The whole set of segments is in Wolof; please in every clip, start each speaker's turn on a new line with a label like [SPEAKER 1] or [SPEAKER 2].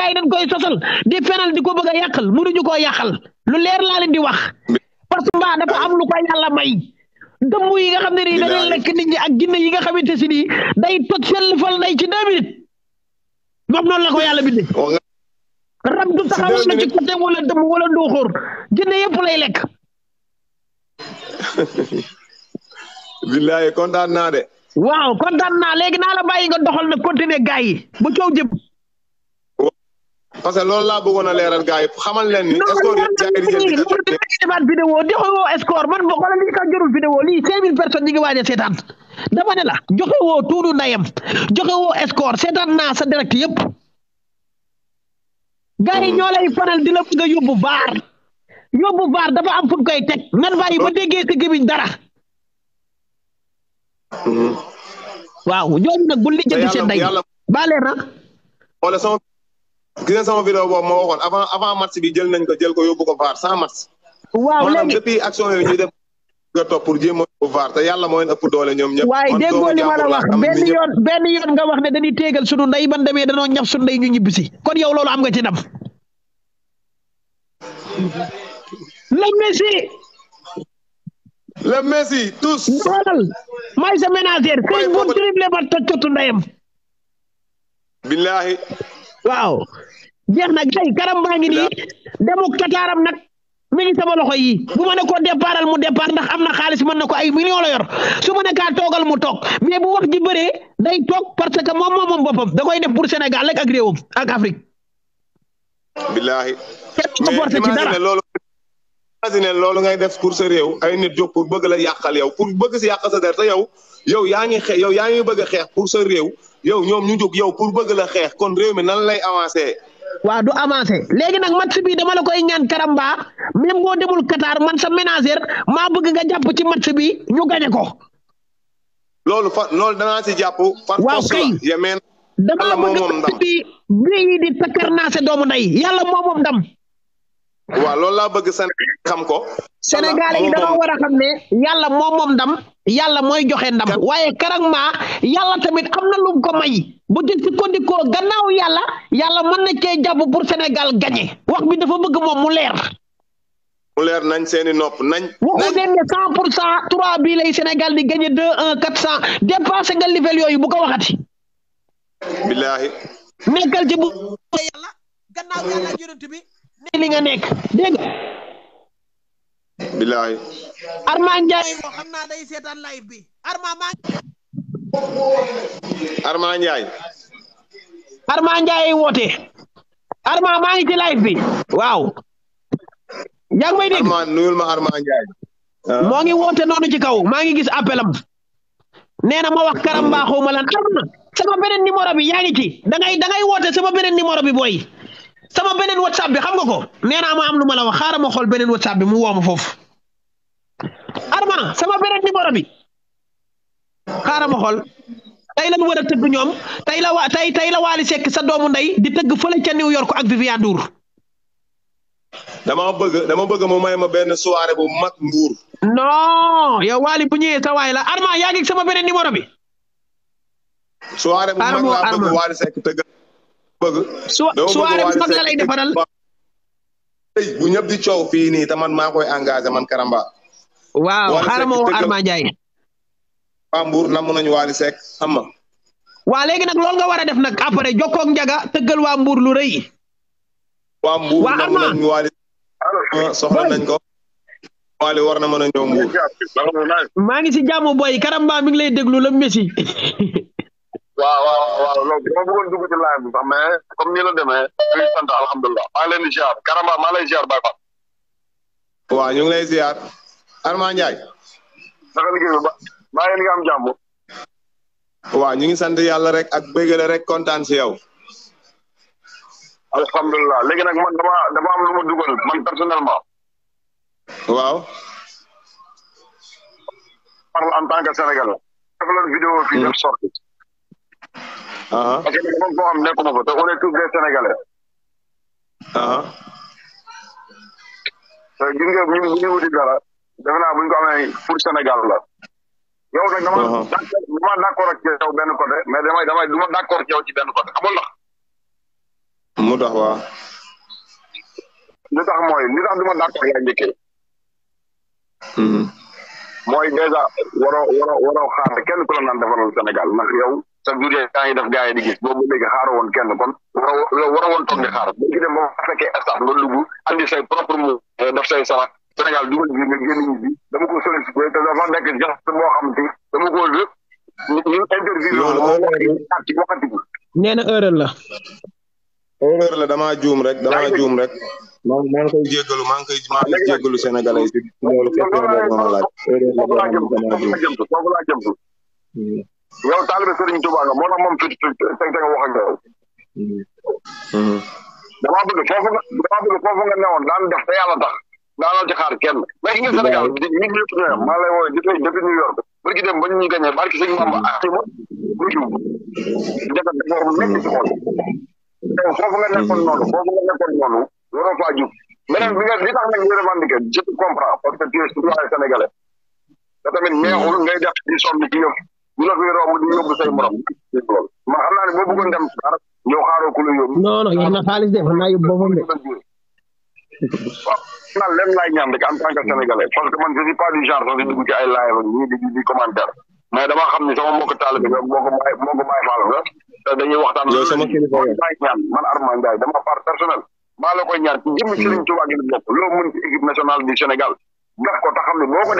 [SPEAKER 1] gars dañ koy sosal di ko bëgg a yàqal mënuñu koo lu leer laa leen di wax parce que mbaa am lu ko yàlla may dëmm yi nga yi nga xamante si nii day toj sell fal day ci deux minutes moom noonu la ko yàlla bindee rab du taxawal na ci côté wala dëmm wala ndóoxóor yëpp lay lekk
[SPEAKER 2] billaay kontaan naa de
[SPEAKER 1] waaw kontaan naa léegi naa la bàyyi nga doxal na continuer gars yi coow jëm
[SPEAKER 2] parce que loolu laa bëggoon a leeral gars yi xamal leen ni. score yi jaay
[SPEAKER 1] di mille personnes ñu ngi waaj seetaan dama ne la joxe woo tuuru ndayam joxe woo seetaan naa sa direct yëpp. gars yi ñoo lay faral di la a yóbbu baar yóbbu baar dafa am fu koy teg nan bàyyi ba déggee si gémmiñ dara.
[SPEAKER 2] Mhm. waaw
[SPEAKER 1] ñooñu nag bu lijjanti seen ndey. baale
[SPEAKER 2] na. gis nga sama vidéo boobu ma waxoon avant avant bi jël nañ ko jël ko yóbbu ko VAR sans match. waaw léegi ñuy def nga topp pour jéem a yàlla moo leen ëpp doole ñoom ñëpp. waaye déggoo li ma la wax benn yoon
[SPEAKER 1] benn yoon nga wax ne dañuy téegal sunu ndey ban demee danoo ñaf sunu ndey ñu ñibbisi kon yow loolu am nga ci ndam. le Messi. le Messi tous. may sa ménagère. mooy foofu sëñ bu dribble ba toj waaw jeex na gay karam maa ngi nii demuk tataaram nag mi ngi sama loxo yi bu ma ne ko départal mu départ ndax am na xaalis mën na ko ay million la yor su ma ne kaa toogal mu toog mais bu wax ji bëree day toog parce que moom moom moom boppam da koy def pour Sénégal rek
[SPEAKER 2] ak réewam ak Afrique billaahi mais ci loolu imaginer loolu ngay def sa réew ay nit jóg bëgg la yàqal yow pour bëgg si yàq yow yow yaa ngi xeex yow yaa ngi bëgg xeex pour sa réew yow ñoom ñu jóg yow pour bëgg la xeex kon réew mi nan lay avancé.
[SPEAKER 1] waaw du avancé léegi nag mat bi dama la koy ñaan Karamba même boo demul Qatar man sa manager maa bëgg nga jàpp ci match bi ñu gañe ko.
[SPEAKER 2] loolu fa loolu danaa si jàpp. waaw kay yemeen. dama bëgg match bi
[SPEAKER 1] naa se doomu yàlla moo moom
[SPEAKER 2] waa loolu la bëgg Sénégal xam ko. Sénégalais yi dañoo war a
[SPEAKER 1] xam ne yàlla moom moom ndam yàlla mooy joxe ndam waaye karang maa yàlla tamit am na lu ko may bu di sukkandikoo gannaaw yàlla yàlla mën na cee jàpp pour Sénégal gagné wax bi dafa bëgg moom mu leer.
[SPEAKER 2] mu leer nañ seeni nopp nañ.
[SPEAKER 1] waxu cent pour cent trois bii lay Sénégal di gagné deux un quatre cent dépassé nga level yooyu bu ko waxati. billaahi. nekkal ci bu yàlla gannaaw yàlla yonent bi. ne li nga nekk dégg nga. bilaay. Arma Ndiaye moo xam naa bi Arma
[SPEAKER 2] maa. Arma Ndiaye. Arma
[SPEAKER 1] woote. Arma maa ngi ci live bi waaw. yaa ngi may dégg nuyul ma Arma Ndiaye. Ah. moo ngi woote noonu ci kaw maa ngi gis appelam nee na ma wax karamba xaw ma lan Arma sama beneen numéro bi yaa ngi ci da ngay da woote sama beneen numéro bi booy. sama beneen whatsapp bi xam nga ko nee naa am lu ma la wax xaaral ma xool beneen whatsapp bi mu woo ma foofu sama beneen numéro bi xaaral ma xool tey lan war a tëgg ñoom tey la waa tey tey la Waly Seck sa doomu ndey di tëgg fële ca New York ak Viviane Ndour.
[SPEAKER 2] dama bëgg dama bëgg mu may ma benn soirée bu mag Mbuur. non yow Waly bu ñëwee sa waay la Arma yaa ngi sama beneen numéro bi. soirée bu mag laa bëgg Waly Seck tëgg. bëgg. soirée bu mag la lay defaral. tey bu ñëpp coow fii nii te man maa koy engagé man Karamba. waaw xaaral ma woo Arma Ndiaye. Pambour namm nañu Waly Seck xam nga. waa léegi nag loolu nga war a def nag après jokkoog njaga tëggal waa Mbour lu rëy. waa Mbour namm nañu Waly. Ah, soxla nañ ko. Waly na mën a ñëw maa ngi si jàmm boy Karamba
[SPEAKER 1] mi ngi lay déglu la Messi.
[SPEAKER 2] waaw waaw waaw loolu dama
[SPEAKER 3] comme ni la demee ñu sant alhamdulilah maa ngi leen di ziar Karamba maa lay ziar Baye
[SPEAKER 2] waaw ñu ngi lay ziar. Arma maa ngi nga am jàmm. waaw ñu ngi sant yàlla rek ak bëggale rek kontaan si yow.
[SPEAKER 3] alhamdulilah léegi nag man dama dama am lu ma dugal man personnellement. waaw. parle en tant que sénégalais. vidéo fii def sorti parce que dafa am koo xam nekkuma fa te on est tous des sénégalais. Uh-huh. te gis nga ñu wuti dara defe naa bu ñu ko amee pour Sénégal la. yow nag dama uh-huh. dama d'accord ak yow damay damay duma d'accord ak yow ci benn côté xamul la mu tax waa li tax mooy li tax duma d'accord yaa njëkkee mm-hmm. mooy dèjà waroo waroo waroo kenn ku la Sénégal ndax yow chaque jour yaa ngi def gars yi di boobu léegi xaaru woon kenn kon waroo waroo woon toog di xaar léegi dem ba fekkee stade nga dugg andi say propre mot euh, def say salak Sénégal dugal ji nga génn ñi te dafa nekk jax moo xam te dama
[SPEAKER 2] la moo waxati waxati ko
[SPEAKER 3] nee na erreur la
[SPEAKER 2] erreur juum rek damaa juum rek maa maa ngi koy jéggalu maa ngi koy maa ngi loolu question la damaa
[SPEAKER 3] yow taalibe Serigne Touba nga moo tax moom tuuti tuuti teg teg wax ak yow. Mm-hmm. damaa bëgg foofu nga damaa bëgg newoon daan def te yàlla tax daanoo ci xaar kenn. mais ki nga Sénégal mm-hmm. di ñu ngi yëpp ñoom maa dem ba ñu ñu gagné barki sëñ Bamba ak ma bu jiw jafe dafa war nekk ci foofu nga nekkoon noonu mm-hmm. foofu nga nekkoon noonu waroo faa jub beneen bi nga li tax nag ñu revendiqué je comprends parce que tu es citoyen sénégalais te tamit neexul ngay def di sonn ci yëpp. bu la koy romb di yóbbu say morom ma xam naa ne boo bëggoon dem dara ñëw ku la yóbbu. non non yéen a xaalis de xam naa yóbbu boppam de. waaw naan leen laay ñaan rek en tant que sénégalais dama xam ni sama mbokk taalibe nga moo ko maay moo ko maay faal nga te dañuy waxtaan. loolu sama kilifa laay ñaan man Arma Ndiaye dama part personnel la koy ñaan ci jëmm Serigne Touba mën ci équipe nationale du Sénégal def ko te xam ne boo ko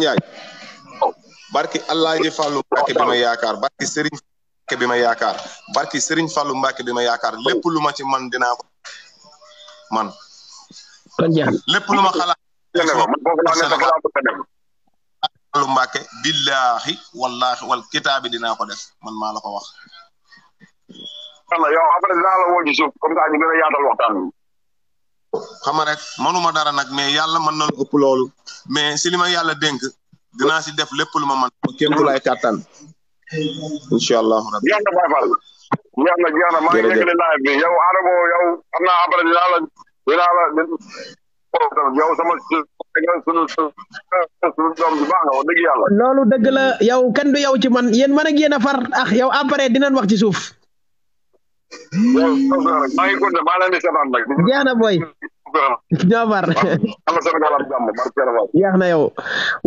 [SPEAKER 2] defee barki allah ji Fallou yaakaar barki Serigne bi ma yaakaar barki Serigne Fallou Mbacke bi ma yaakaar lépp lu ma ci man dinaa ko man. lépp lu ma xalaat. Fallou Mbacke billaahi wallaahi wal kitaabi dinaa ko def man maa la ko wax. xam nga yow après dinaa la woo ci suuf comme ça ñu gën a yaatal waxtaan bi. dara nag mais yàlla mën na lu loolu mais si li ma yàlla dénk dinaa si def lépp lu ma mën. kéem tolluwaay kàttan. incha allah rabbi. jeex na Baye Fall. jeex na jeex yow
[SPEAKER 3] Adamo yow xam naa la la yow sama sunu sunu doom bi baax nga dëgg yàlla.
[SPEAKER 1] loolu dëgg la yow kenn du yow ci man yéen man ak yéen a far ah yow après dinañ wax ci suuf.
[SPEAKER 3] maa ngi kontaan maa leen di seetaan nag. jeex na booy. Ñoomar.
[SPEAKER 1] yaax na yow.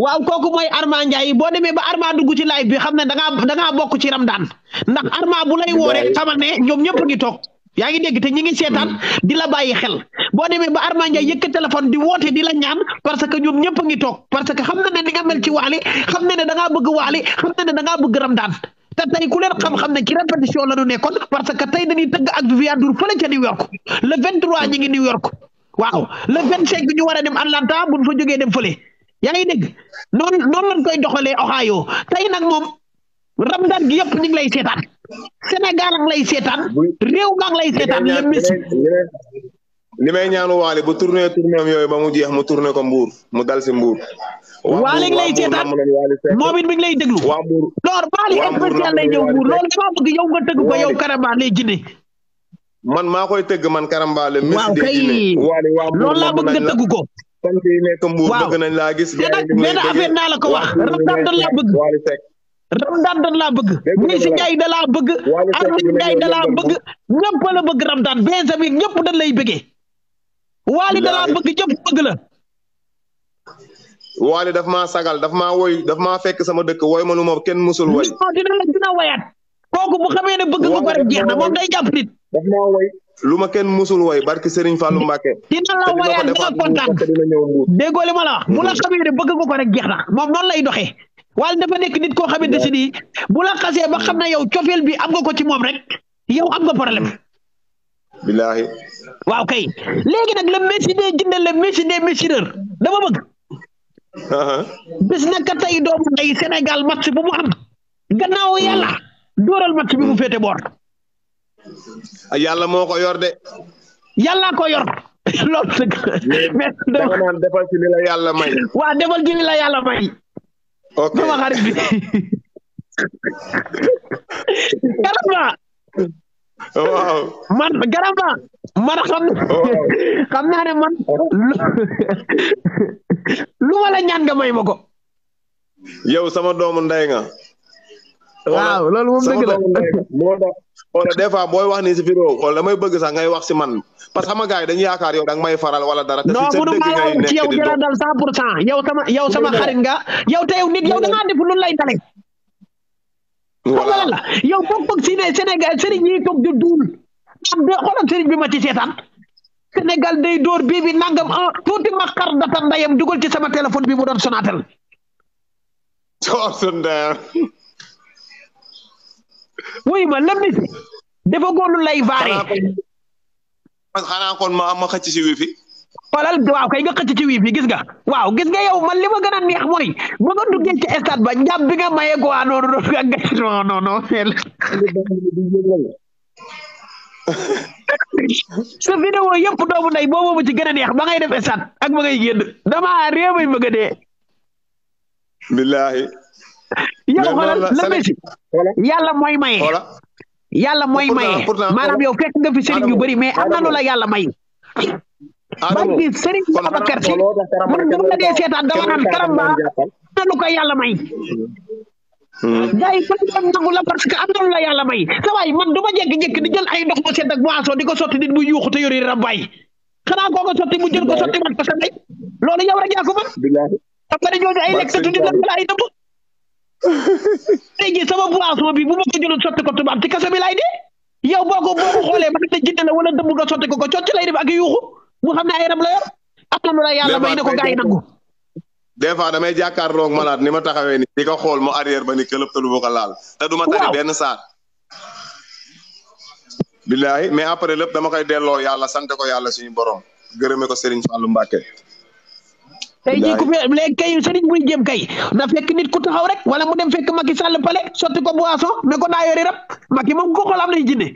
[SPEAKER 1] waaw kooku mooy Arma Ndiaye boo demee ba Arma dugg ci live bi xam ne da ngaa da ngaa bokk ci Ramadan ndax Arma bu lay woo rek xamal ne ñoom ñëpp ngi toog. yaa ngi dégg te ñi ngi seetaan di la bàyyi xel boo mee ba Arma Ndiaye yëkk téléphone di woote di la ñaan parce que ñoom ñëpp ngi toog parce que xam na ne ni nga mel ci waali xam na ne da ngaa bëgg waali xam na ne da ngaa bëgg Ramadan te tey ku leen xam-xam ne ci répétition la ñu nekkoon parce que tey dañuy tëgg ak Viviane Ndour fële ca New York le 23 ñu ngi New York waaw le 25 ñu war a dem Atlanta bu ñu fa jógee dem fële yaa ngi dégg noonu noonu lañ koy doxalee Ohio tey nag moom Ramadan gi yëpp ñu ngi lay seetaan Sénégal ak lay seetaan réew nga ak lay seetaan le Messi
[SPEAKER 2] li may ñaanu waale bu tourné tourné am yooyu ba mu jeex mu tourné ko Mbour mu dal si Mbour. Waly ngi lay seetaan moom mi ngi lay déglu. loolu Waly spécial lay ñëw buur loolu damaa bëgg yow nga tëgg ko yow Karamba lay jinne man maa koy tëgg man Karamba la. waaw kay loolu laa bëgg nga tëgg ko. sant yi nekk mbuur bëgg laa gis. te nag benn affaire naa la ko wax rab dan laa
[SPEAKER 3] bëgg. rab
[SPEAKER 1] daan dan bëgg. muy si Njaay da laa bëgg. Armin Njaay da ñëpp la lay bëggee.
[SPEAKER 2] Waly da bëgg ñëpp bëgg la. waale daf maa sagal daf maa woy daf maa fekk sama dëkk woy ma lu ma kenn musul woy. non
[SPEAKER 1] dina la dina woyaat. kooku
[SPEAKER 2] lu ma kenn musul woy barki Serigne Fallou Mbacké. dina la woyaat dina kontaan déggoo
[SPEAKER 1] li ma la wax. bu la xamee bëgg nga ko rek jeex na moom noonu lay doxee. waale dafa nekk nit koo xamante si nii bu la xasee ba xam na yow cofeel bi am nga ko ci moom rek yow am nga problème.
[SPEAKER 2] bilaahi. waaw kay
[SPEAKER 1] léegi nag la messie des jinne le messie des messireurs dama bëgg. Uh-huh. bis naka tey doomu ndey Sénégal match bu mu am
[SPEAKER 2] gannaaw yàlla dóoral match bi mu féete boor. Ah, yàlla moo ko yor de. yàlla ko yor. loolu dëgg mais naan defal ci li la
[SPEAKER 1] yàlla may. waa defal ci li la may. ok xarit bi. garamba. waaw man garamba man xam. xam naa man
[SPEAKER 2] lu ma la ñaan nga may ma ko. yow sama doomu ndey nga. waaw loolu moom dëgg la moo tax wala booy wax nii si bureau wala damay bëgg sax ngay wax si man parce que xam nga gars yi yaakaar yow da nga may faral wala dara. te si sa dëgg ngay nekk di yow dina dal
[SPEAKER 1] sama xarit nga yow te yow nit yow da ngaa def lu lay dalee. voilà la yow foog foog si Sénégal sëriñ yi toog duul. am de bi ma ci seetaan. Sénégal day dóor bii nangam ah tuuti ma xar data ndayam dugal ci sama téléphone bi mu doon Sonatel.
[SPEAKER 2] toosu ndeyam.
[SPEAKER 1] wuy ma lëmmi si. dafa lay vaaree. xanaa kon ma ma xëcc si waaw kay nga xëcc ci gis nga waaw gis nga yow man li gën a neex mooy ba duggee ci stade ba njàpp bi nga maye ko waa noonu noonu nga gëj non sa vidéo yëpp doomu nday boo moomu ci gën a neex ba ngay def esat ak ba ngay génn dama réew mi bëgg a
[SPEAKER 2] billaahi. yow xoolal la
[SPEAKER 1] Messi yàlla mooy maye. yàlla mooy maye maanaam yow fekk nga fi sëriñ yu bëri mais am na lu la yàlla may. ba gi sëriñ Babacar a man bu ma dee seetaan dama naan karamba am na lu ko yàlla may. Hmm. gars yi parce que am na lu la yàlla may sa waay man du ma jékki-jékki di jël ay ndox mu ak boisson di ko sotti nit mu yuuxu te yori rabbaay xanaa man parce que loolu yow rek ay lekk tuuti la wala ay dëbb. sama boisson bi bu ma ko jëloon sotti ko tubaab ci kaso bi laay dee yow boo ko boo ko xoolee man de jënd la wala dëbb nga sotti ko ko cocc lay def ak yuuxu mu xam ne ay rab la yor am na lu la yàlla may ne ko gars nangu.
[SPEAKER 2] des fois damay jàkkaarloog malade ni ma taxawee ni di ko xool mu arrière ba ni këlëb te du ko laal. te du ma tari benn saar. billahi mais après lépp dama koy delloo yàlla sant ko yàlla suñu borom gërëme ko Serigne Fallou Mbacke.
[SPEAKER 1] tey ku fi léegi kay Serigne bu jéem kay na fekk nit ku taxaw rek wala mu dem fekk Macky Sall pale sotti ko boisson ne ko daa yori rab Macky moom ko xool am nañ jinne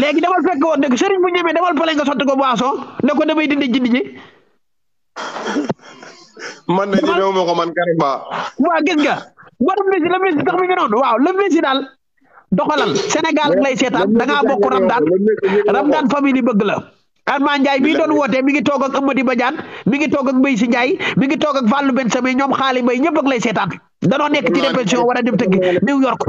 [SPEAKER 1] léegi demal fekk woon ne Serigne bu ñëwee demal pale nga sotti ko boisson ne ko damay dindi jinne
[SPEAKER 2] man de ñemewu ma ko man carrément.
[SPEAKER 1] waaw gis nga. war Messi la Messi tax mi ngi noonu waaw la Messi daal doxalal Sénégal lay seetaan da ngaa bokk Ramdaan Ramdaan famille bëgg la. Armand Ndiaye mi doon woote mi ngi toog ak Amady Badiane mi ngi toog ak Mbaye si Ndiaye mi ngi toog ak Fallou Ben Samé ñoom xaali mbay ñëpp ak lay seetaan dano nekk ci dépression war a dem tëgg
[SPEAKER 2] New York.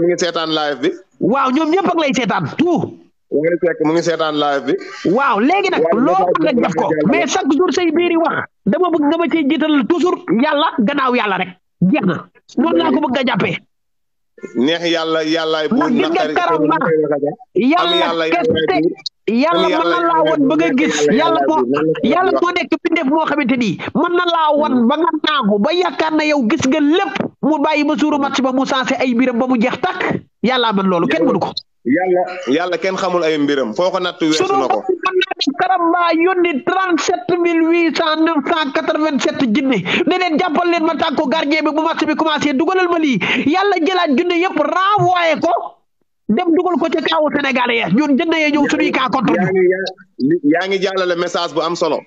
[SPEAKER 2] mi ngi seetaan live bi. waaw ñoom ñëpp ak lay seetaan tout. Wally mu ngi seetaan live bi. waaw léegi nag loolu a def ko mais chaque jour say biiri wax
[SPEAKER 1] dama bëgg nga ma cee jiital toujours yàlla gannaaw yàlla rek jeex na noonu laa ko bëgg
[SPEAKER 2] yàlla yàllaay buur ndax gis nga karama yàlla kese yàlla mën na laa wan ba nga gis yàlla moo yàlla moo
[SPEAKER 1] nekk bindeef moo xamante ni mën na laa wan ba nga naagu ba yaakaar na yow gis nga lépp mu bàyyi ba suuru match ba mu sensé ay biram ba mu jeex tàkk yàllaa man loolu kenn mënu ko.
[SPEAKER 2] yàlla yàlla kenn xamul ay mbiram foo ko natt weesu na ko
[SPEAKER 1] karamba yónni trente sept mille huit cent neuf cent quatre vingt sept jinne ne leen jàppal leen ma tàgg ko gardien bi bu match bi commencé dugalal ma lii yàlla jëlaat junne yëpp renvoyé ko dem dugal ko ca kaawu Sénégal ya ñun jënd yee ñëw
[SPEAKER 2] suñuy kaa contre yaa ngi jàllale message bu am solo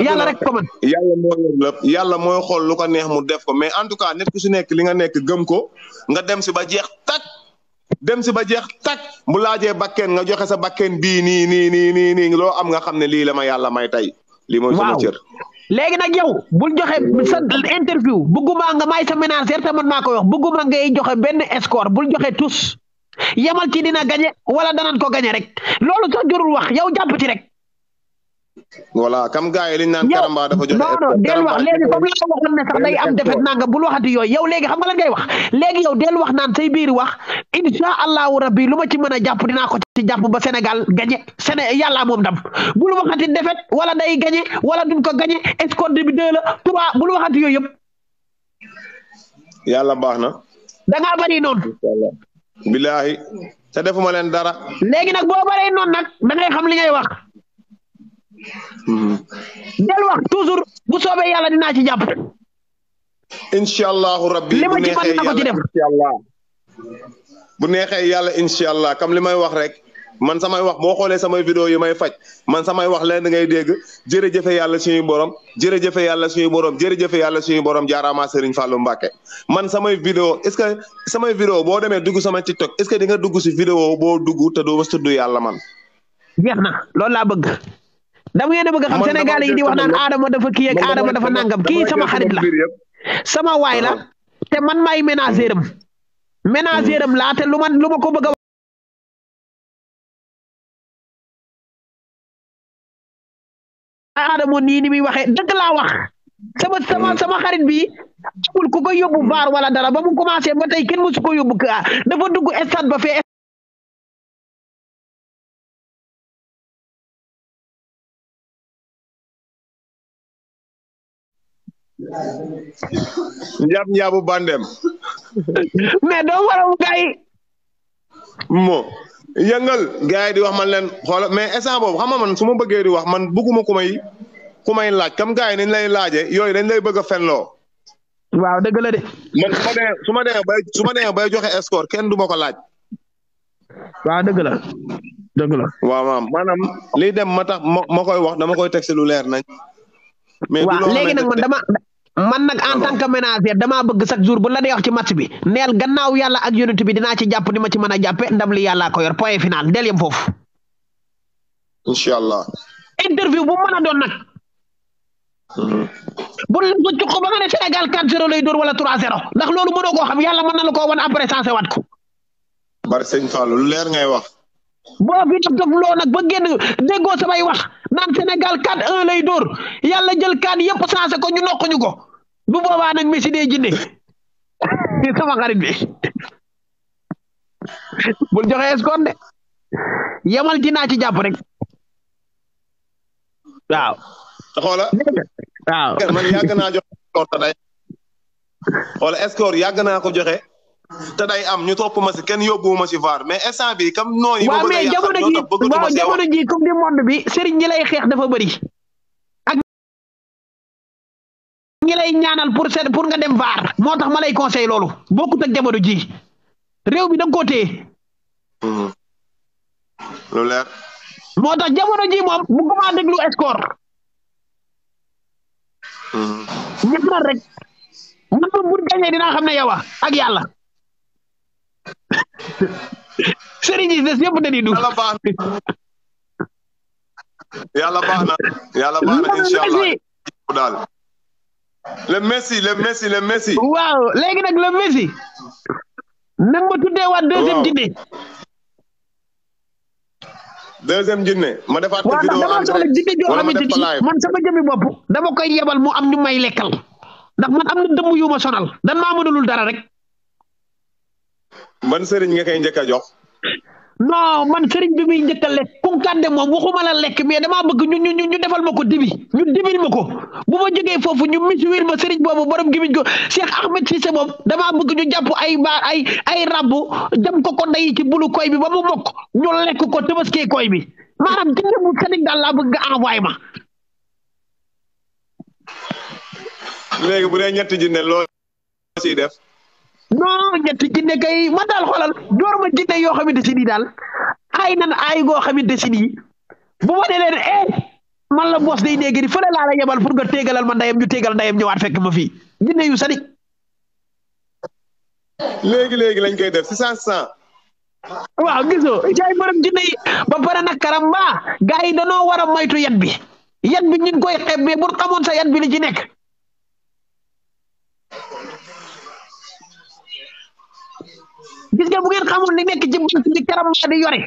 [SPEAKER 2] yàlla rek ko man yàlla moo yàlla mooy xool lu ko neex mu def ko mais en tout cas nit ku si nekk li nga nekk gëm ko nga dem si ba jeex tak dem si ba jeex tak bu laajee bakkeen nga joxe sa bakkeen bii nii nii nii nii nii loo am nga xam ne lii la ma yàlla may tey lii mooy sama cër
[SPEAKER 1] léegi nag yow bul joxe sa interview bëgguma nga may sa ménagère te man maa koy wax bëgguma ngay joxe benn escore bul joxe tous yamal ci dina gañe wala danan ko gañe rek loolu sax jurul wax yow jàpp ci rek
[SPEAKER 2] voilà kam gars yi liñ naan karamba dafa joxe. non non del wax léegi
[SPEAKER 1] comme yow waxoon ne sax day am defet naa nga bul waxati yooyu yow léegi xam wax léegi yow del wax naan say biir wax insha allahu rabbi lu ma ci mën a jàpp dinaa ko ci jàpp ba Sénégal gagné Séné yàlla moom dam bul waxati defet wala day gagné wala duñ ko gagné escompte bi deux la trois bul waxati yooyu yëpp. yàlla baax na. da ngaa bari noonu.
[SPEAKER 2] bilaahi te defuma leen dara.
[SPEAKER 1] léegi nag bo baree noonu nag da xam li ngay wax. Hmm. del wax toujours bu soobee yàlla dinaa ci jàpp.
[SPEAKER 2] incha allahu rabbi li ma ci mën bu neexee yàlla incha allah comme li may wax rek. man samay wax boo xoolee samay vidéo yi may faj man samay wax leen da ngay dégg jërëjëfe yàlla suñuy borom jërëjëfe yàlla suñuy borom jërëjëfe yàlla suñuy borom jaaraama Serigne Fallou Mbacké man samay vidéo est-ce que samay vidéo boo demee dugg sama TikTok est-ce que di nga dugg si vidéo boo dugg te doo mas tudd yàlla man.
[SPEAKER 1] jeex na bëgg. dam ngeen a bëgg xam Sénégal yi di wax naan Adama dafa kii ak Adama dafa nangam kii sama xarit la
[SPEAKER 3] sama waay la ah. te man maay ménager am ménager am laa te lu ma lu ma ko bëgg a Adama nii ni waxee dëgg laa wax sama sama hmm. sama xarit bi amul ku ko yóbbu baar hmm. wala dara ba mu commencé ba tey kenn mësu ko yóbbu ka dafa dugg stade ba fee
[SPEAKER 2] Njab njabu bandem. mais doo waral gars yi. mo yëngal gars yi di wax man leen xoola mais instant boobu xama nga man su ma bëggee di wax man bëgguma ku may ku may laaj kam gars yi nañ lay laaje yooyu dañ lay bëgg a fenloo. waaw dëgg la de. man ma dee su ma dee bay joxe score kenn du ma ko laaj. waaw dëgg waaw maam maanaam liy dem ma tax ma koy wax dama koy teg si lu leer nañ. mais dama
[SPEAKER 1] man nag en tant que ménagère damaa bëgg chaque jour bu la dee wax ci match bi neel gannaaw yàlla ak yonent bi dinaa ci jàpp ni ma ci mën a jàppe ndam li yàllaa ko yor point final del yem foofu incha interview bu mën a doon nag hmm. bu la ko jox ba nga ne Sénégal 4-0 lay dóor wala 3-0 ndax loolu mënoo koo xam yàlla mën na la koo wan après sensé waat ko
[SPEAKER 2] bari sëñ Fallou lu leer ngay wax
[SPEAKER 1] boo fi daf daf loo nag ba génn déggoo samay wax naan Sénégal 4-1 lay dóor yàlla jël kaan yëpp sensé ko ñu nokk ñu ko bu boobaa nag Messi day jinne sama xarit bi bul joxe escorte de yemal ci naa ci jàpp rek
[SPEAKER 2] waaw. xoola waaw man yàgg naa joxe escorte day yàgg naa ko joxe. te day am ñu topp ma si kenn yóbbuwuma si vaar mais instant bi comme noonu yi. waaw mais ji waaw jamono
[SPEAKER 1] ji coupe du monde bi sëriñ ñi lay xeex dafa bëri. ak ñi lay ñaanal pour seet pour nga dem vaar moo tax ma lay conseil loolu bokkut ak jamono ji réew bi da nga koo téye.
[SPEAKER 2] Hmm. lu leer.
[SPEAKER 1] moo tax jamono ji moom bu commencé déglu score. Hmm. ñaanal rek man bu gañee dinaa xam ne yow ak yàlla. sëriñ yi des yëpp dañuy dugg.
[SPEAKER 2] yàlla baax na yàlla baax na yàlla baax na incha allah daal. le messi le messi le messi. waaw léegi nag le messi. nag ma tuddee waat deuxième oh. jinne. deuxième jinne ma defaat ko vidéo dama
[SPEAKER 1] man sama jëmmi bopp dama koy yebal mu am ñu may lekkal ndax man am na dëmm yu ma sonal dan maa dara rek.
[SPEAKER 2] ban sëriñ nga koy njëkk a jox.
[SPEAKER 1] non man sëriñ bi muy njëkk a lekk kunkande moom waxuma la lekk mais damaa bëgg ñu ñu defal ma ko dibi ñu dibil ma ko bu ma foofu ñu misuwir ma sëriñ boobu borom gimiñ ko Cheikh Ahmed Cissé moom damaa bëgg ñu jàpp ay ba ay ay rabb jam ko ko nday ci bulu koy bi ba mu mokk ñu lekk ko tëbaskee koy bi maanaam jënd bu sëriñ daal laa bëgg nga envoyé ma.
[SPEAKER 2] léegi bu dee ñetti jinne loo ciy
[SPEAKER 1] non ñetti jinne kay man daal xoolal door ma jinne yoo xamante si nii daal aay nan ay goo xamante si nii bu ma nee eh, man la boos day néegi di fële laa la yebal pour nga téegalal ma ndayam ñu téegal ndayam ñëwaat fekk ma fii jinne yu sadi
[SPEAKER 2] léegi léegi lañ koy def si cent cent
[SPEAKER 1] waaw gisoo jaay borom jinne yi ba pare nag karamba gaa yi danoo war a moytu yat bi yat bi ñu koy xeeb mais bu xamoon sax yat bi li ci nekk gis nga bu ngeen xamul li nekk ci bant bi karam laa di yore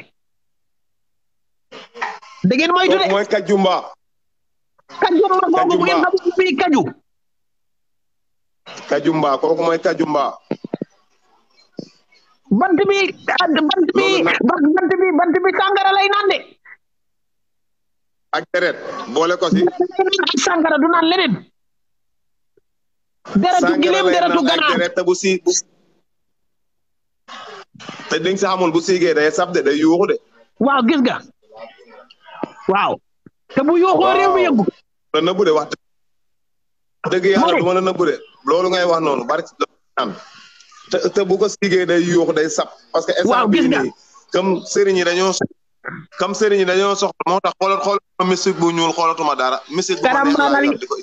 [SPEAKER 1] da ngeen moytu de kajumba
[SPEAKER 2] kajumba boobu kooku mooy kajumba bant bi
[SPEAKER 1] bant bi bant lay naan de ak deret
[SPEAKER 2] boole ko si du naan leneen
[SPEAKER 3] deratu gileem deratu
[SPEAKER 2] ganaar bu te dañ si xamul bu siigee day sab de day yuuxu de. waaw gis nga waaw. te bu yuuxoo réew mi yëngu. la de wax dëgg yàlla du ma la nëbbu de loolu ngay wax noonu bari te te bu ko siigee day yuuxu day sab. parce que instant bii nii comme sëriñ yi dañoo. comme sëriñ dañoo soxla moo tax xoolal xoolal mystique bu ñuul xoolatuma dara. mystique bu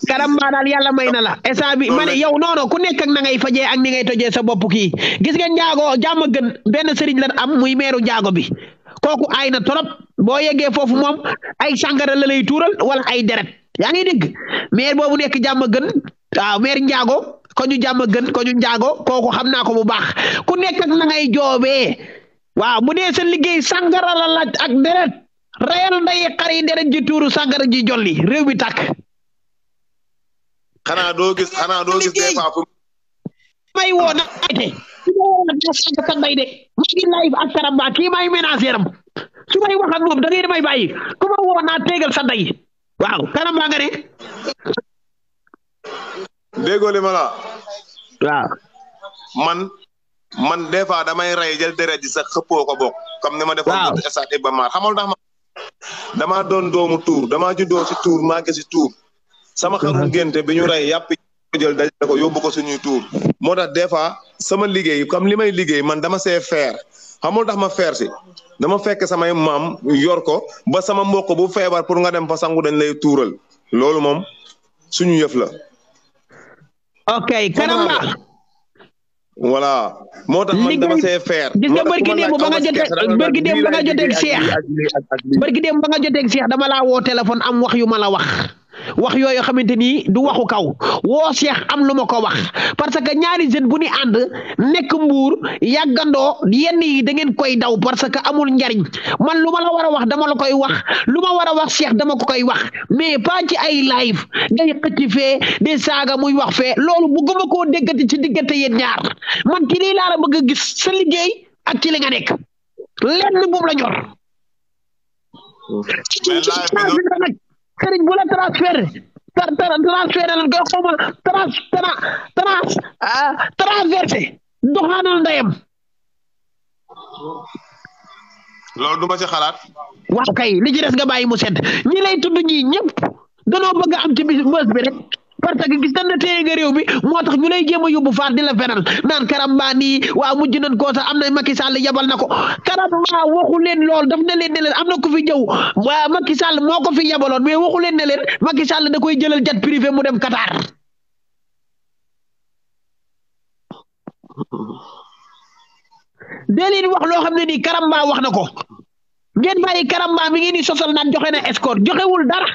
[SPEAKER 2] karam maanaam yàlla may na la. instant bi ma ne yow noonu ku
[SPEAKER 1] nekk ak na ngay fajee ak ni ngay tojee sa bopp kii gis nga njaago jàmm gën benn sëriñ lan am muy meeru njaago bi kooku aay na trop boo yeggee foofu moom ay sàngara la lay tuural wala ay deret yaa ngi dégg meer boobu nekk jàmm gën waaw meer njaago ko ñu jàmm gën ko ñu njaago kooku xam naa ko bu baax ku waaw bu dee sa liggéey sàngara la laaj ak deret reyal nday xar yi deret ji tuuru sàngara ji
[SPEAKER 2] jolli réew bi tàkk xanaa doo xanaa doo gis des
[SPEAKER 1] may woo na ayte su ma woo na de ak Karamba kii may ménager am su may wax ak moom da ngay damay bàyyi ku tegal sa waaw Karamba nga ne
[SPEAKER 2] déggoo waaw man des fois damay rey jël deret ji sax xëppoo ko bokk. comme ni ma defoon stade Iba Mar xamal tax ma. damaa doon doomu tuur damaa juddoo si tuur màgge si tuur. sama xaru ngénte bi ñu rey yàpp jël dajale ko yóbbu ko suñuy tuur. moo tax des fois sama liggéey comme li may liggéey man dama see feer xamul dax ma feer si. dama fekk samay maam yor ko ba sama mbokko bu feebar pour nga dem fa sangu dañ lay tuural. loolu moom suñu yëf la. ok Karamba. voilà moo tax man dama see feer. gis nga bërki démb ba nga jotee bërki démb ba nga jotee ak Cheikh bërki
[SPEAKER 1] démb ba nga jotee ak dama laa woo téléphone am wax yu ma la wax. wax yooyu xamante ni du waxu kaw woo seex am lu ma ko wax parce que ñaari jeune bu ni ànd nekk mbuur yàggandoo yenn yi da ngeen koy daw parce que amul njariñ man lu ma la war a wax dama la koy wax lu ma war a wax seex dama ko koy wax mais pas ci ay live day xëcc fee de saaga muy wax fee loolu bëgguma koo déggati ci diggante yéen ñaar man ki lii laa bëgg a gis sa liggéey ak ci li nga nekk lenn moom la ñor. sëriñ bu la transféré tra transféré lan koy xawma trans trans ah, transversé doxaanal ndeyam.
[SPEAKER 2] loolu du ma ci xalaat.
[SPEAKER 1] waaw kay li ci des nga bàyyi mu sedd ñi lay tudd ñii ñëpp danoo bëgg am ci bis bi rek. parce que gis nañ ne nga réew mi moo tax ñu lay jéem a yóbbu faar di la fenal naan nii waa mujj nañ koo am na Macky Sall yabal na ko Karamba waxu leen lool daf na leen ne leen am na ku fi jëw waa Macky Sall moo ko fi yabaloon mais waxu leen ne leen Macky Sall da koy jëlal jet privé mu dem Qatar. dee leen wax loo xam ne nii Karamba wax na ko ngeen bàyyi Karamba mi ngi ni sosal naan joxe na escorte joxewul dara.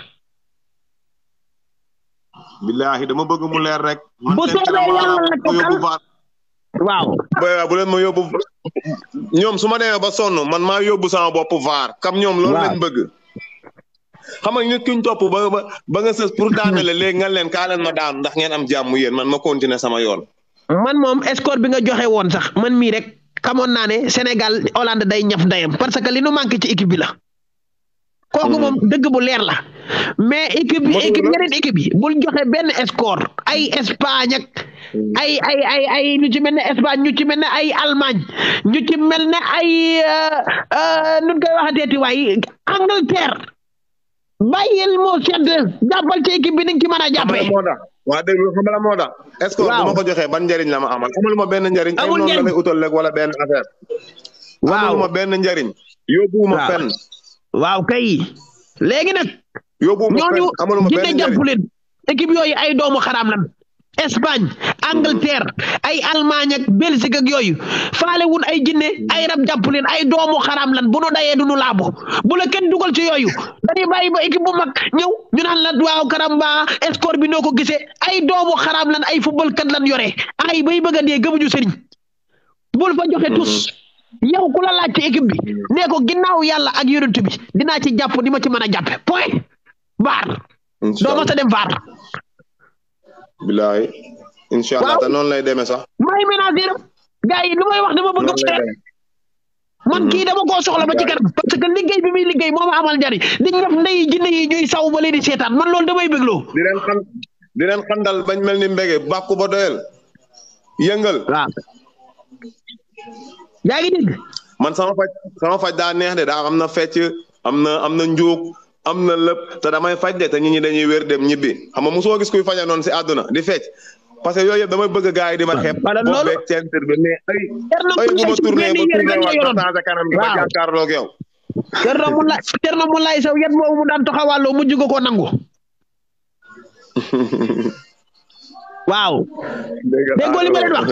[SPEAKER 2] billaahi dama bëgg mu leer rek. bu soobee yàlla la tëkkal waaw. waaw bu leen ma yóbbu ñoom su ma demee ba sonn man maa yóbbu sama boppu vaar. kam ñoom loolu lañ bëgg. xam nga nit ki topp ba ba ba nga sës pour daanale léegi nga leen kaa leen ma daanu ndax ngeen am jàmm yéen man ma continuer sama yoon.
[SPEAKER 1] man moom score bi nga joxe woon sax man mii rek xamoon naa ne Sénégal Hollande day ñaf ndayam parce que li nu manqué ci équipe bi la. Hmm. moom dëgg bu leer la. mais équipe bi équipe yeneen équipe yi bul joxe benn score ay Espagne mm. ay ay ay ay ñu ci mel ne Espagne ñu ci mel ne ay Allemagne ñu ci mel ne ay euh, euh, nun koy waxateeti waay Angleterre bàyyil moo sedd jàppal ci équipe bi ni nga mën a jàppee.
[SPEAKER 2] waa dégg nga xam nga moo tax. est-ce que ko joxee ban njëriñ la ma amal amul ma benn njëriñ. amul njëriñ ay noonu la wala benn affaire. waaw amul ma benn njëriñ. yóbbuwuma kay léegi nag. yóbbu ma ñooñu ñu ne jàpp
[SPEAKER 1] leen équipe yooyu ay doomu xaraam lan Espagne Angleterre ay Allemagne ak Belgique ak yooyu faale wun ay jinne ay rab jàpp leen ay doomu xaraam lan bu nu dayee du nu laabu bu la kenn dugal ci yooyu dañuy bàyyi ba équipe bu mag ñëw ñu naan la waaw karamba score bi noo ko gisee ay doomu xaraam lan ay football kat lan yore ay bay bëgg a dee gëmuñu sëriñ bul fa joxe tus mm-hmm. yow ku la laaj ci équipe bi nee ko ginnaaw yàlla ak yonent bi dinaa ci jàpp ni ci mën a jàppe point
[SPEAKER 2] vaar doo ma sa dem vaar bilaay incha allah te noonu lay deme sax
[SPEAKER 3] may ménager gars yi lu may wax dama bëgg man mhm. kii
[SPEAKER 2] dama koo soxla ba ci kanam
[SPEAKER 1] parce que liggéey bi muy liggéey moo ma amal njariñ di def ndey jinne yi ñuy saw ba leen di seetaan man loolu damay
[SPEAKER 2] bégloo di leen xam di bañ mel ni mbége bàkku ba doyel yëngal waaw yaa ngi dégg man sama faj sama faj daa neex de daa am na fecc am na am am na lépp te damay faj de te nit ñi dañuy wér dem ñibbi xam nga mosoo gis kuy faja noonu si àdduna di fecc parce que yooyu yëpp damay bëgg gars yi di ma xeeb. maanaam a boo beeg bi mais ay ay bu
[SPEAKER 1] ma mu daan taxawaloo mujj nga koo nangu.
[SPEAKER 3] waaw. dégg nga li ma leen wax.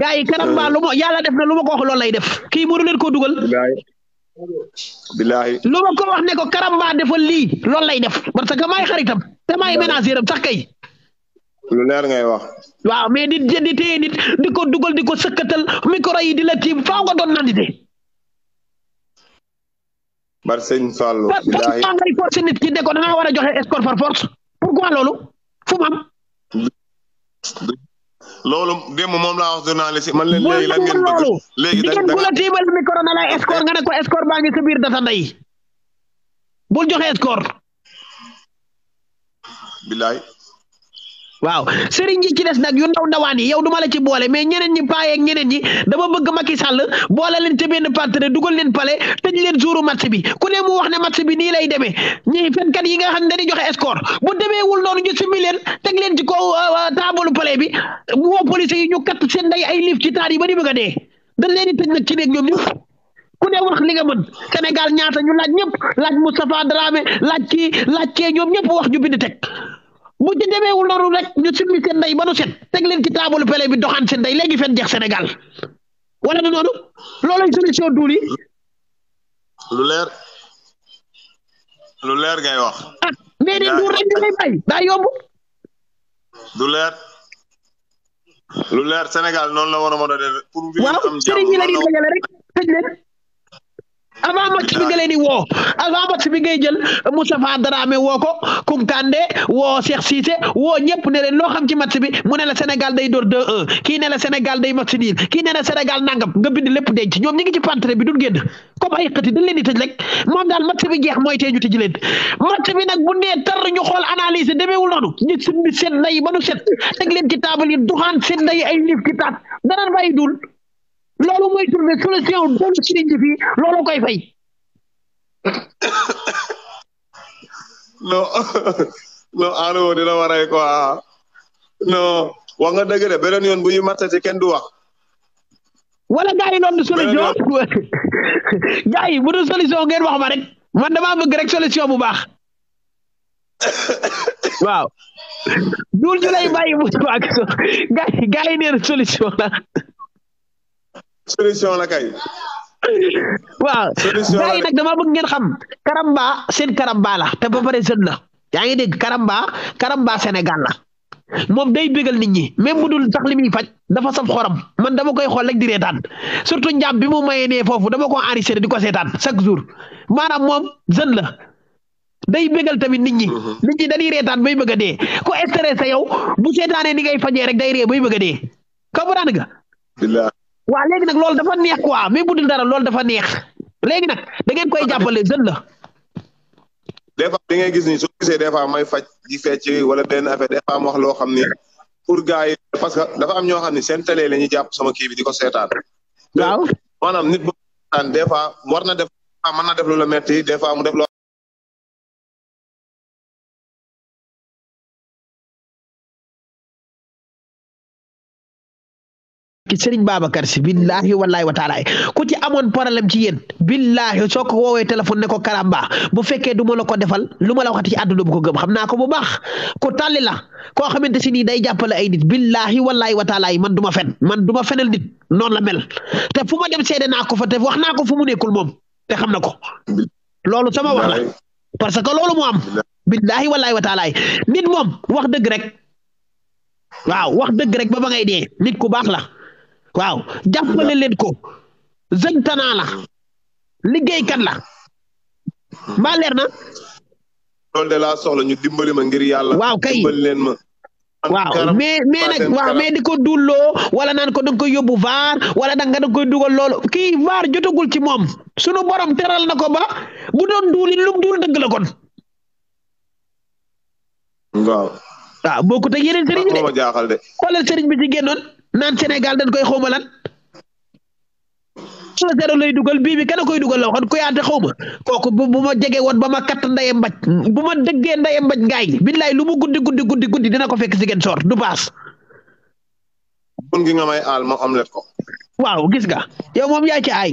[SPEAKER 1] gars yi kanam yàlla def na lu ma ko wax lay def kii mënu leen koo dugal. bilaahi lu ma ko wax ne ko karamba defal lii loolu lay def parce que maay xaritam te maay ménager am sax kay.
[SPEAKER 2] lu leer ngay wax.
[SPEAKER 1] waaw mais di di téye nit di ko dugal di ko sëkkatal micro yi di la tiim faaw nga doon nandite.
[SPEAKER 2] bar sëñ Fallou. bilaahi faaw
[SPEAKER 1] force nit ki ne ko da war a joxe escort par force pourquoi loolu fu mu am.
[SPEAKER 2] loolu démb moom laa wax si man leen léegi lan ngeen bëgg léegi da nga bu la
[SPEAKER 1] tiimal micro ne nga ne ko score baa ngi biir data ndey bul joxe score
[SPEAKER 2] bilaay waaw
[SPEAKER 1] sëriñ yi ci des nag yu ndaw ndawaan yi yow duma la ci boole mais ñeneen ñi paayeeg ñeneen ñi dama bëgg Macky Sall boole leen ca benn partenaire dugal leen pale tëj leen suuru match bi ku ne mu wax ne match bi nii lay demee ñi fenkat yi nga xam ne dañuy joxe score bu demeewul noonu ñu simi leen teg leen ci kaw euh, euh, taabalu pale bi woo police yi ñu katt seen nday ay liif ci taar yi ba ni bëgg a dee dañ leen di tëj nag ci néeg ñoom ñëpp ku ne wax li nga mën Sénégal ñaata ñu laaj ñëpp laaj Moustapha Dramé laaj kii laaj kee ñoom ñëpp wax ñu bind teg bu ci demeewul loolu rek ñu simmi seen ndey ba nu set teg leen ci taabalu pele bi doxaan seen ndey léegi fen jeex Sénégal wala na noonu loolay solution duul
[SPEAKER 2] lu leer lu leer ngay wax
[SPEAKER 1] ah mais ni
[SPEAKER 3] rek di lay bay daa yomb
[SPEAKER 2] du leer lu leer Sénégal noonu la war a mën
[SPEAKER 3] waaw sëriñ yi
[SPEAKER 1] avant match bi nga ah. leen di woo avant match bi ngay jël Moustapha woo ko Kunkande woo Cheikh Cissé woo ñëpp ne leen loo xam ci mat bi mu ne la Sénégal day door 2-1 kii ne la Sénégal day match nul kii ne la Sénégal nangam nga bind lépp denc ñoom ñi ngi ci pantre bi du génn comme ay xëti dañ leen di tëj rek moom daal match bi jeex mooy tee ñu tëj leen match bi nag bu nee tar ñu xool analyse demeewul noonu ñu simbi seen nay ba nu set teg leen ci taabal yi duxaan seen nay ay liif ci taat danañ bàyyi dul loolu mooy tourné solution doon sëriñ bi fii loolu
[SPEAKER 3] koy fay.
[SPEAKER 2] non non Adama dina ma rey quoi non wax nga dëgg de beneen yoon bu ñu matati kenn du wax.
[SPEAKER 1] wala gars yi noonu solution gars bu dul solution ngeen wax ma rek man damaa bëgg rek solution bu baax.
[SPEAKER 2] waaw. duul lay bàyyi mu ci baax gars yi gars yi solution la. solution la kay.
[SPEAKER 1] waaw gars nag dama bëgg ngeen xam karamba seen karamba la te ba pare jeune la yaa ngi dégg karamba karamba Sénégal la moom day bégal nit ñi même bu dul sax li muy faj dafa saf xoram man dama koy xool rek di reetaan surtout njaam bi mu mayee nee foofu dama ko enregistré di ko seetaan chaque jour maanaam moom jeune la day bégal tamit nit ñi mhm. nit ñi dañuy reetaan bay bëgg a dee ko stressé yow bu seetaanee ni ngay fajee rek day ree bay bëgg a dee comprendre nga waa léegi nag loolu dafa neex quoi même bu dul dara loolu dafa neex léegi nag dangeen koy jàppale jeune la.
[SPEAKER 2] des fois da ngay gis ni soo gisee des fois may faj di fecc wala benn affaire des fois mu wax loo xam ne pour gars yi parce que dafa am ñoo xam ni seen télé la ñuy jàpp sama kii bi di ko seetaan. maanaam nit bu maanaam des war na def mën na def lu la metti des fois mu def loo
[SPEAKER 3] sëriñ Babacar si billaahi wallaahi wa taala ku ci amoon problème ci yéen
[SPEAKER 1] billaahi soo ko woowee téléphone ne ko karamba bu fekkee du ma la ko defal lu ma la waxati ci àdduna bu ko gëm xam naa ko bu baax ku tàlli la koo xamante si nii day jàppale ay nit billaahi wallaahi wa taala man du ma fen man duma ma fenal nit noonu la mel te fu ma dem seede naa ko fa wax naa ko fu mu nekkul moom te xam na ko loolu sama wax la parce que loolu moo am billaahi wallaahi wa taala nit moom wax dëgg rek waaw wax dëgg rek ba ba ngay nit ku baax la waaw jàppale leen ko zëñ tanaa la liggéeykat la mbaa leer na.
[SPEAKER 2] loolu de laa soxla ñu dimbali ma ngir yàlla. waaw kay leen ma. waaw mais mais nag waaw mais di
[SPEAKER 1] ko loo wala naan ko da nga koy yóbbu vaar wala da nga da koy dugal loolu kii vaar jotagul ci moom sunu borom teral na ko ba bu doon duulin lu mu duul dëgg la kon.
[SPEAKER 2] waaw. ah bokkut yeneen sëriñ de
[SPEAKER 1] xoolal sëriñ bi ci naan Sénégal dañ koy xawma lan un zéro lay dugal bii bi kenn koy dugal la waxoon kuyaate xaw ma kooku bu ma jege woon ba ma katt ndaye mbaj bu ma dëggee ndaye mbaj ngaay billaay lu mu guddi guddi guddi guddi dina ko fekk si ngeen soor du paas
[SPEAKER 2] bun gi nga may aal omelette ko waaw gis ga
[SPEAKER 1] yow moom yaa ci aay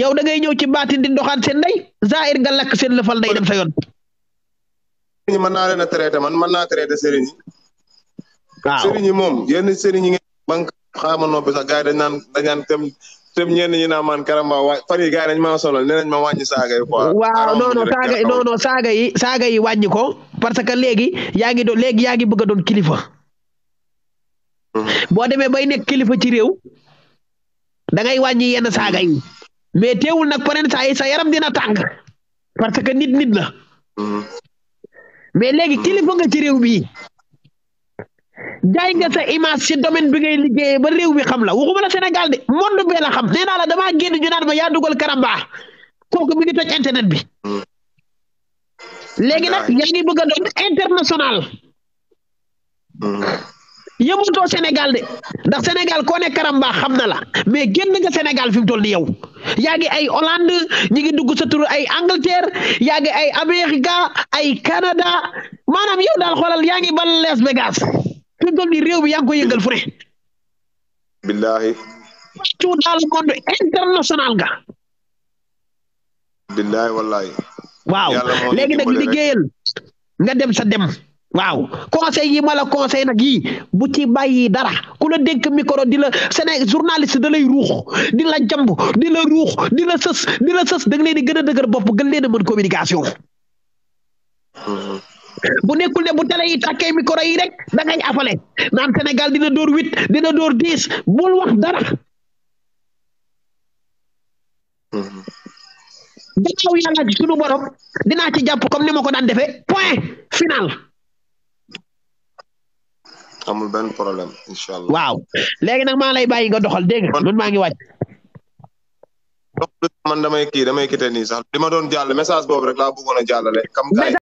[SPEAKER 1] yow da ngay ñëw ci baatin di doxaan seen ndey zaahir nga lakk seen lëfal ndey dem sa yoon
[SPEAKER 2] mën naa leen a traité man mën naa traité sëriñ yi waaw sëriñ yi moom yenn yi man xaaral noppi sax gars yi dañ naan maa sonal nee nañ ma wàññi saaga yi quoi. waaw non
[SPEAKER 1] non saaga non yi saaga yi wàññi ko parce que léegi yaa ngi doon léegi yaa ngi bëgg doon kilifa. Mm-hmm. boo demee bay nekk kilifa ci réew dangay ngay wàññi yenn saaga yi mais teewul nag pare saa yi sa yaram dina tàng parce que nit nit la mm-hmm. mais léegi kilifa nga ci réew mi. jaay nga sa image ci domaine bi ngay liggéeyee ba réew mi xam la waxuma la Sénégal de monde bee la xam nee naa la damaa génn ñu naan ma yaa dugal karamba kooku mi ngi toj internet bi léegi nag yaa bëgg a doon international yëmutoo Sénégal de ndax Sénégal koo ne xam na la mais génn nga Sénégal fi mu toll ni yow yaa ngi ay Hollande ñi ngi dugg sa tur ay Angleterre yaa ngi ay Amérique ay Canada maanaam yow daal xoolal yaa ngi bal Las Vegas fi mu toll réew bi yaa ngi koy yëngal fu ne. billahi. surtout dans monde international nga.
[SPEAKER 2] billahi wallahi. waaw léegi nag liggéeyal
[SPEAKER 1] nga dem sa dem. waaw conseil yi ma la conseil nag yii bu ci bàyyi dara ku la dénk micro di la Sénégal journaliste da lay ruux di la jamb di la ruux di la sës di la sës da nga leen di gën a dëgër bopp gën leen a mën communication. Mm-hmm. bu nekkul ne bu télé yi takkee micro yi rek da ngay afale naan Sénégal dina dóor huit dina dóor dix bul wax dara gannaaw yàlla ci sunu borom dinaa ci jàpp comme ni ma ko daan defee point final
[SPEAKER 2] amul benn problème incha allah waaw
[SPEAKER 1] léegi nag maa lay bàyyi nga doxal dégg nga maa ngi wàcc
[SPEAKER 2] man damay kii damay kite nii sax li ma doon jàll message boobu rek laa bëggoon a jàllale kam